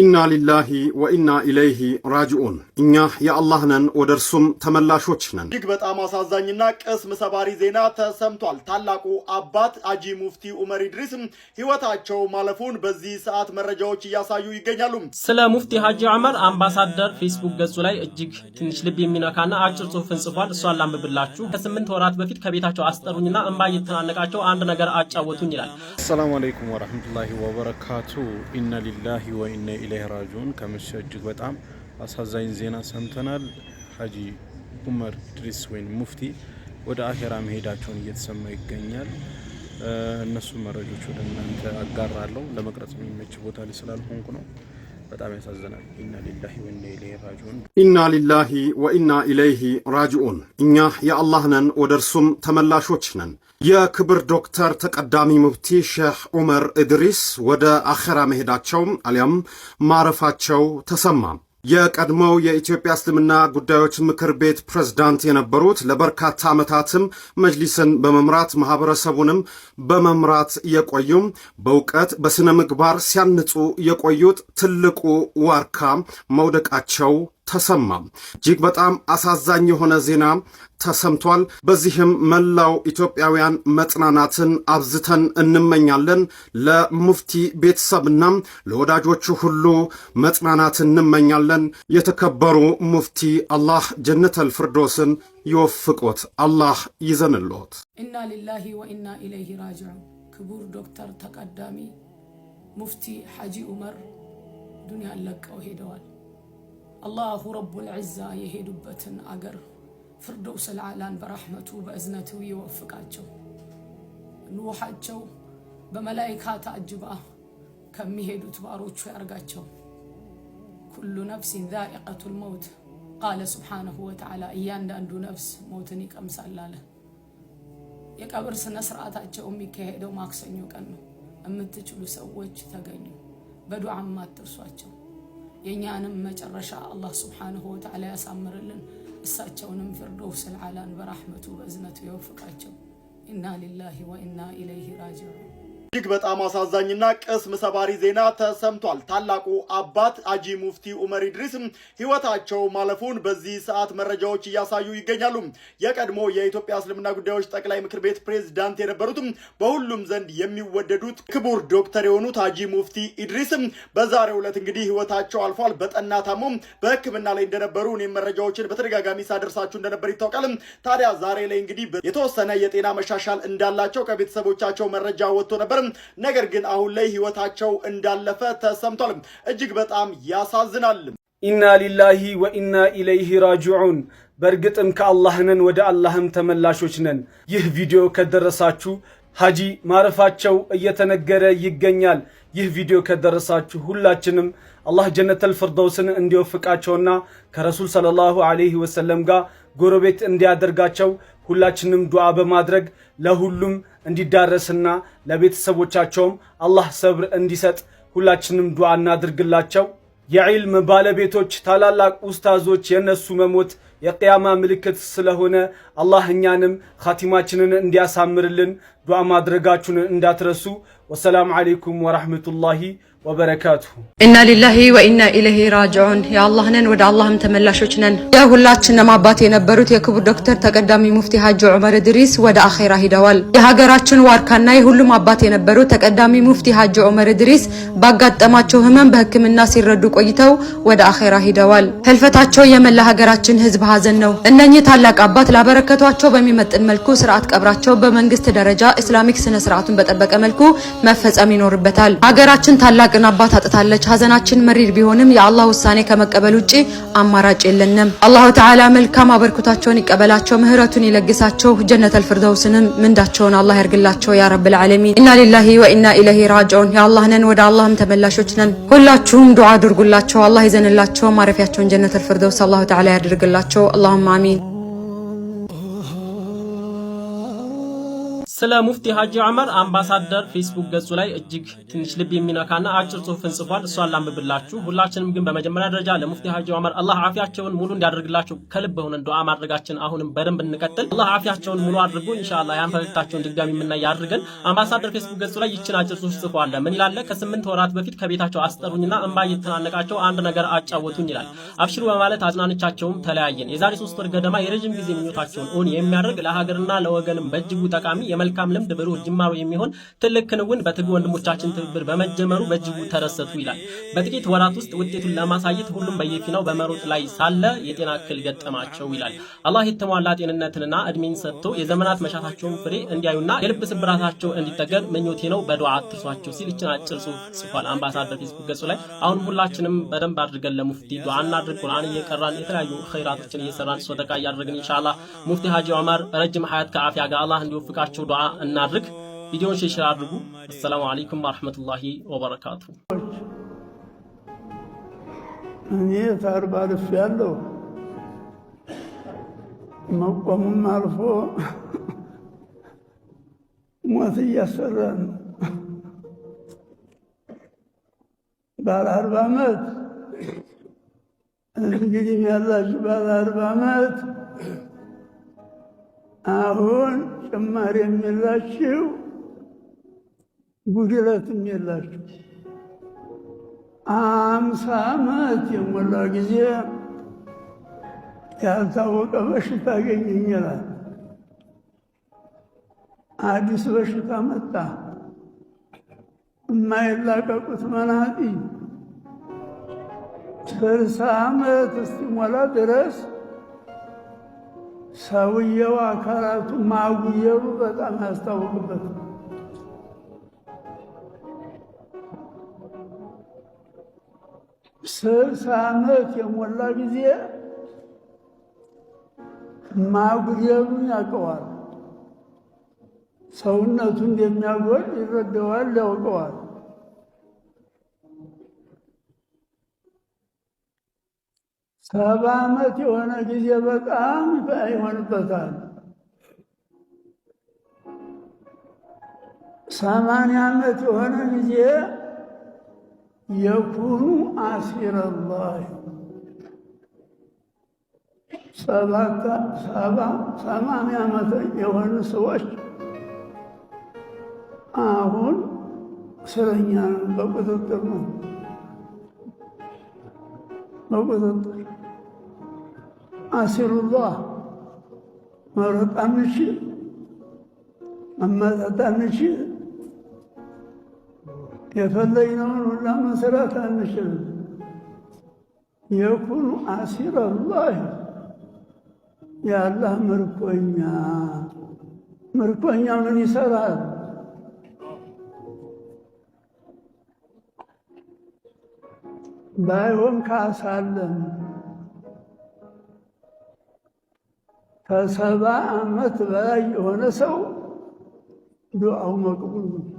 ኢና ሊላሂ ወኢና ኢለይሂ ራጅዑን እኛ የአላህ ነን ወደ እርሱም ተመላሾች ነን። እጅግ በጣም አሳዛኝና ቅስም ሰባሪ ዜና ተሰምቷል። ታላቁ አባት አጂ ሙፍቲ ኡመር ኢድሪስ ህይወታቸው ማለፉን በዚህ ሰዓት መረጃዎች እያሳዩ ይገኛሉ። ስለ ሙፍቲ ሀጂ ዑመር አምባሳደር ፌስቡክ ገጹ ላይ እጅግ ትንሽ ልብ የሚነካና አጭር ጽሑፍን ጽፏል። እሷን ላንብብላችሁ። ከስምንት ወራት በፊት ከቤታቸው አስጠሩኝና እንባ እየተናነቃቸው አንድ ነገር አጫወቱኝ ይላል። አሰላሙ አለይኩም ወረህመቱላሂ ወበረካቱ ኢና ሊላሂ ወኢና ኢለይሂ ራጁን ከምሽቱ እጅግ በጣም አሳዛኝ ዜና ሰምተናል። ሀጂ ኡመር ድሪስ ወይም ሙፍቲ ወደ አኼራ መሄዳቸውን እየተሰማ ይገኛል። እነሱ መረጆች ወደ እናንተ አጋራለሁ። ለመቅረጽ የሚመች ቦታ ላይ ስላልሆንኩ ነው። በጣም ያሳዝናል። ኢና ሊላሂ ወኢና ኢለይሂ ራጂዑን። ኢና ሊላሂ ወኢና ኢለይሂ ራጂዑን። እኛ የአላህ ነን፣ ወደ እርሱም ተመላሾች ነን። የክብር ዶክተር ተቀዳሚ ሙፍቲ ሼህ ዑመር እድሪስ ወደ አኼራ መሄዳቸው አሊያም ማረፋቸው ተሰማ። የቀድሞው የኢትዮጵያ እስልምና ጉዳዮች ምክር ቤት ፕሬዝዳንት የነበሩት ለበርካታ ዓመታትም መጅሊስን በመምራት ማህበረሰቡንም በመምራት የቆዩም በእውቀት በሥነ ምግባር ሲያንጹ የቆዩት ትልቁ ዋርካ መውደቃቸው ተሰማ። እጅግ በጣም አሳዛኝ የሆነ ዜና ተሰምቷል። በዚህም መላው ኢትዮጵያውያን መጽናናትን አብዝተን እንመኛለን። ለሙፍቲ ቤተሰብና ለወዳጆቹ ሁሉ መጽናናትን እንመኛለን። የተከበሩ ሙፍቲ አላህ ጀነተል ፍርዶስን ይወፍቆት፣ አላህ ይዘንልዎት። ኢና ሊላሂ ወኢና ኢለይሂ ራጅዑን። ክቡር ዶክተር ተቀዳሚ ሙፍቲ ሐጂ ዑመር ዱንያን ለቀው ሄደዋል። አላሁ ረቡል ዒዛ የሄዱበትን አገር ፍርዶውስ አልአዕላን በራሕመቱ በእዝነቱ ይወፍቃቸው። ሩሓቸው በመላይካ ታጅባ ከሚሄዱት ባሮቹ ያርጋቸው። ኩሉ ነፍሲን ዛኢቀቱል መውት ቃለ ስብሓነሁ ወተዓላ እያንዳንዱ ነፍስ ሞትን ይቀምሳል አለ። የቀብር ስነ ስርዓታቸው የሚካሄደው ማክሰኞ ቀን ነው። የምትችሉ ሰዎች ተገኙ፣ በዱዓም አትርሷቸው። የእኛንም መጨረሻ አላህ ስብሓንሁ ወተዓላ ያሳምርልን። እሳቸውንም ፊርዶውስ ልዓላን በራሕመቱ በእዝነቱ የወፍቃቸው። ኢና ሊላሂ ወኢና ኢለይህ ራጅዑን እጅግ በጣም አሳዛኝና ቅስም ሰባሪ ዜና ተሰምቷል። ታላቁ አባት አጂ ሙፍቲ ኡመር ኢድሪስ ህይወታቸው ማለፉን በዚህ ሰዓት መረጃዎች እያሳዩ ይገኛሉ። የቀድሞ የኢትዮጵያ እስልምና ጉዳዮች ጠቅላይ ምክር ቤት ፕሬዝዳንት የነበሩትም በሁሉም ዘንድ የሚወደዱት ክቡር ዶክተር የሆኑት አጂ ሙፍቲ ኢድሪስ በዛሬው ዕለት እንግዲህ ህይወታቸው አልፏል። በጠና ታሞ በህክምና ላይ እንደነበሩ እኔም መረጃዎችን በተደጋጋሚ ሳደርሳችሁ እንደነበር ይታወቃል። ታዲያ ዛሬ ላይ እንግዲህ የተወሰነ የጤና መሻሻል እንዳላቸው ከቤተሰቦቻቸው መረጃ ወጥቶ ነበር። ነገር ግን አሁን ላይ ህይወታቸው እንዳለፈ ተሰምቷል። እጅግ በጣም ያሳዝናል። ኢና ሊላሂ ወኢና ኢለይህ ራጅዑን። በእርግጥም ከአላህ ነን፣ ወደ አላህም ተመላሾች ነን። ይህ ቪዲዮ ከደረሳችሁ ሀጂ ማረፋቸው እየተነገረ ይገኛል። ይህ ቪዲዮ ከደረሳችሁ ሁላችንም አላህ ጀነተል ፍርደውስን እንዲወፍቃቸውና ከረሱል ሰለላሁ ዐለይሂ ወሰለም ጋር ጎረቤት እንዲያደርጋቸው ሁላችንም ዱዓ በማድረግ ለሁሉም እንዲዳረስና ለቤተሰቦቻቸውም አላህ ሰብር እንዲሰጥ ሁላችንም ዱዓ እናድርግላቸው። የዒልም ባለቤቶች ታላላቅ ኡስታዞች የነሱ መሞት የቅያማ ምልክት ስለሆነ አላህ እኛንም ኻቲማችንን እንዲያሳምርልን ዱዓ ማድረጋችሁን እንዳትረሱ። ወሰላም ዓለይኩም ወራህመቱላሂ ወበረካቱ ኢና ሊላሂ ወኢና ኢለይሂ ራጅዑን የአላህ ነን ወደ አላህም ተመላሾች ነን። የሁላችንም አባት የነበሩት የክቡር ዶክተር ተቀዳሚ ሙፍቲ ሀጂ ዑመር እድሪስ ወደ አኼራ ሂደዋል። የሀገራችን ዋርካና የሁሉም አባት የነበሩት ተቀዳሚ ሙፍቲ ሀጂ ዑመር እድሪስ ባጋጠማቸው ህመም በህክምና ሲረዱ ቆይተው ወደ አኼራ ሂደዋል። ህልፈታቸው የመላ ሀገራችን ህዝብ ሀዘን ነው። እነኚህ ታላቅ አባት ላበረከቷቸው በሚመጥን መልኩ ስርዓት ቀብራቸው በመንግስት ደረጃ ኢስላሚክ ስነ ስርዓቱን በጠበቀ መልኩ መፈጸም ይኖርበታል። ሀገራችን ታላቅ ታላቅን አባት አጥታለች። ሀዘናችን መሪር ቢሆንም የአላህ ውሳኔ ከመቀበል ውጪ አማራጭ የለንም። አላሁ ተዓላ መልካም አበርክቷቸውን ይቀበላቸው፣ ምህረቱን ይለግሳቸው፣ ጀነተል ፊርደውስንም ምንዳቸውን አላህ ያርግላቸው ያ ረብል ዓለሚን። ኢና ሊላሂ ወኢና ኢለይሂ ራጂዑን። የአላህ ነን ወደ አላህም ተመላሾች ነን። ሁላችሁም ዱዓ አድርጉላቸው። አላህ ይዘንላቸው፣ ማረፊያቸውን ጀነተል ፊርደውስ አላሁ ተዓላ ያድርግላቸው። አላሁማ አሚን። ስለ ሙፍቲ ሀጂ ዑመር አምባሳደር ፌስቡክ ገጹ ላይ እጅግ ትንሽ ልብ የሚነካና አጭር ጽሁፍን ጽፏል። እሷን ላንብብላችሁ። ሁላችንም ግን በመጀመሪያ ደረጃ ለሙፍቲ ሀጂ ዑመር አላህ አፊያቸውን ሙሉ እንዲያደርግላቸው ከልብ ሆነን ዱዓ ማድረጋችን አሁንም በደንብ እንቀጥል። አላህ አፊያቸውን ሙሉ አድርጎ ኢንሻአላህ ያን ፈገግታቸውን ድጋሚ የምናይ አድርገን። አምባሳደር ፌስቡክ ገጹ ላይ ይችን አጭር ጽሁፍ ጽፏል። ምን ይላል? ከስምንት ወራት በፊት ከቤታቸው አስጠሩኝና እንባ እየተናነቃቸው አንድ ነገር አጫወቱኝ ይላል። አብሽሩ በማለት አጽናንቻቸውም ተለያየን። የዛሬ ሶስት ወር ገደማ የረጅም ጊዜ ምኞታቸውን እውን የሚያደርግ ለሀገርና ለወገንም በእጅጉ ጠቃሚ መልካም ልምድ ብሩህ ጅማሮ የሚሆን ትልቅ ክንውን በትጉ ወንድሞቻችን ትብብር በመጀመሩ በእጅጉ ተደሰቱ ይላል። በጥቂት ወራት ውስጥ ውጤቱን ለማሳየት ሁሉም በየፊናው በመሮጥ ላይ ሳለ የጤና እክል ገጠማቸው ይላል። አላህ የተሟላ ጤንነትንና እድሜን ሰጥቶ የዘመናት መሻታቸውን ፍሬ እንዲያዩና የልብ ስብራታቸው እንዲጠገን ምኞቴ ነው፣ በዱዓ አትርሷቸው ሲል ይችን አጭር ጽሑፍ ጽፏል አምባሳደር ፌስቡክ ገጹ ላይ። አሁን ሁላችንም በደንብ አድርገን ለሙፍቲ ዱዓ እናድርግ። ቁርአን እየቀራን የተለያዩ ኸይራቶችን እየሰራን ሶደቃ እያደረግን ኢንሻአላህ ሙፍቲ ሀጂ ዑመር ረጅም ሀያት ከአፍያ ጋር አላህ እንዲወፍቃቸው ዱዓ እናድርግ። ቪዲዮን ሼር አድርጉ። አሰላሙ አለይኩም ወረሕመቱላሂ ወበረካቱ። እኔ ታርባ ልፍ ያለው መቆሙም አልፎ ሞት እያሰራ ነው። ባለ አርባ ዓመት እንግዲህ ያላችሁ ባለ አርባ ዓመት አሁን ጭማሪ የሚላችሁ ጉድለትም የላችሁ። አምሳ ዓመት የሞላ ጊዜ ያልታወቀ በሽታ ይላል! አዲስ በሽታ መጣ። የማይላቀቁት መናጢ ስልሳ ዓመት እስኪሞላ ድረስ ሰውየው አካላቱ ማጉየሩ በጣም ያስታውቅበት። ስልሳ ዓመት የሞላ ጊዜ ማጉየሩን ያውቀዋል። ሰውነቱ እንደሚያጎል ይረዳዋል፣ ያውቀዋል። ሰባ ዓመት የሆነ ጊዜ በጣም ይሆንበታል። ሰማንያ ዓመት የሆነ ጊዜ የኩኑ አሲረላህ ሰማንያ ዓመት የሆኑ ሰዎች አሁን እስረኛ በቁጥጥር ነው። በቁጥጥር አሲሩላህ መውረጥ አንችል፣ መመጠጥ አንችል፣ የፈለግነውን ሁላ መሰራት አንችል። የኩኑ አሲረላህ የአላህ ምርኮኛ ምርኮኛ ምን ይሰራል? ባይሆን ካሳለም ከሰባ ዓመት በላይ የሆነ ሰው ዱዓው መቅቡል ነው።